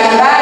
calidad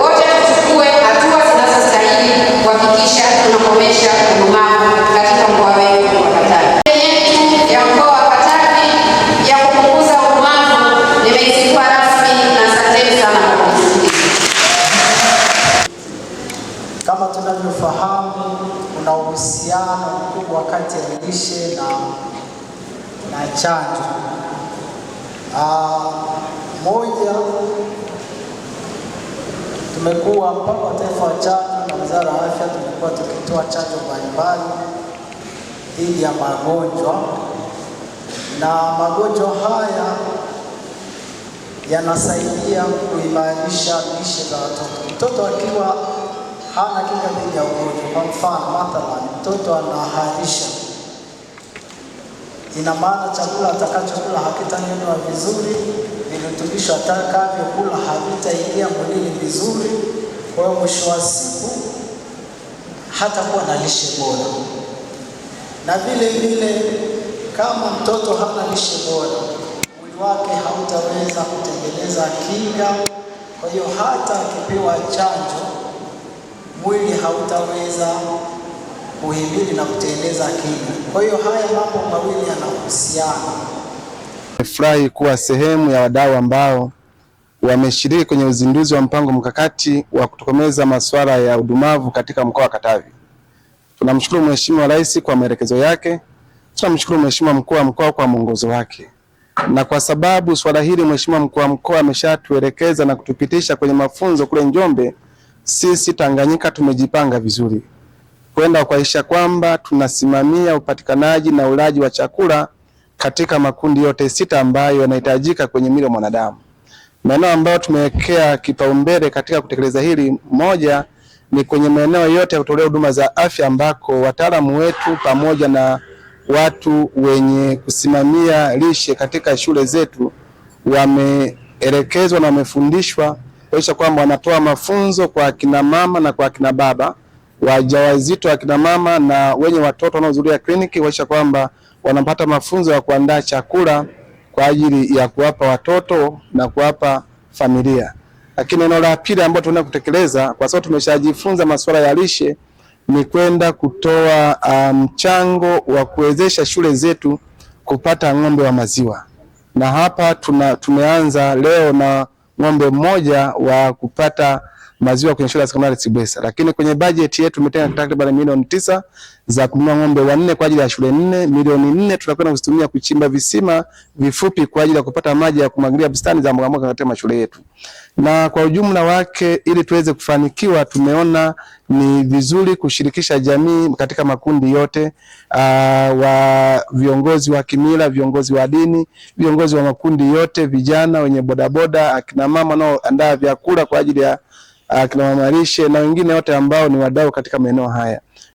Wote hatua zinazostahili kuhakikisha tunakomesha udumavu katika mkoa wetu ya mkoa wa Katavi ya kupunguza Kama tunavyofahamu, kuna uhusiano mkubwa kati ya lishe na chanjo. Ah, moja Tumekuwa mpaka taifa wa chanjo na wizara ya afya, tumekuwa tukitoa chanjo mbalimbali dhidi ya magonjwa, na magonjwa haya yanasaidia kuimarisha lishe za watoto. Mtoto akiwa hana kinga dhidi ya ugonjwa, kwa mfano mathalan, mtoto anaharisha, ina maana chakula atakachokula hakitanyonywa vizuri virutubisho hata kula havitaingia mwilini vizuri. Kwa hiyo mwisho wa siku hatakuwa na lishe bora, na vile vile kama mtoto hana lishe bora, mwili wake hautaweza kutengeneza kinga. Kwa hiyo hata akipewa chanjo, mwili hautaweza kuhimili na kutengeneza kinga. Kwa hiyo haya mambo mawili yanahusiana nimefurahi kuwa sehemu ya wadau ambao wameshiriki kwenye uzinduzi wa mpango mkakati wa kutokomeza masuala ya udumavu katika mkoa wa Katavi. Tunamshukuru Mheshimiwa Rais kwa maelekezo yake, tunamshukuru Mheshimiwa mkuu wa mkoa kwa mwongozo wake, na kwa sababu swala hili Mheshimiwa mkuu wa mkoa ameshatuelekeza na kutupitisha kwenye mafunzo kule Njombe, sisi Tanganyika tumejipanga vizuri kwenda kuhakikisha kwamba tunasimamia upatikanaji na ulaji wa chakula katika makundi yote sita ambayo yanahitajika kwenye mwili wa mwanadamu. Maeneo ambayo tumewekea kipaumbele katika kutekeleza hili, moja ni kwenye maeneo yote ya kutolea huduma za afya ambako wataalamu wetu pamoja na watu wenye kusimamia lishe katika shule zetu wameelekezwa na wamefundishwa kuhakikisha kwamba wanatoa mafunzo kwa akina mama na kwa akina baba wajawazito, akina mama na wenye watoto wanaohudhuria kliniki kuhakikisha kwamba wanapata mafunzo ya kuandaa chakula kwa ajili ya kuwapa watoto na kuwapa familia. Lakini eneo la pili ambalo tunaenda kutekeleza kwa sababu tumeshajifunza masuala ya lishe ni kwenda kutoa um, mchango um, wa kuwezesha shule zetu kupata ng'ombe wa maziwa, na hapa tuna, tumeanza leo na ng'ombe mmoja wa kupata maziwa kwenye shule ya sekondari Sibwesa. Lakini kwenye bajeti yetu tumetenga takriban milioni tisa za kununua ng'ombe wanne kwa ajili ya shule nne. Milioni nne tutakwenda kuzitumia kuchimba visima vifupi kwa ajili ya kupata maji ya kumwagilia bustani za mboga mboga katika mashule yetu. Na kwa ujumla wake, ili tuweze kufanikiwa, tumeona ni vizuri kushirikisha jamii katika makundi yote uh, wa viongozi wa kimila, viongozi wa dini, viongozi wa makundi yote, vijana wenye bodaboda, akina mama wanaoandaa vyakula kwa ajili ya akina mama lishe na wengine wote ambao ni wadau katika maeneo haya.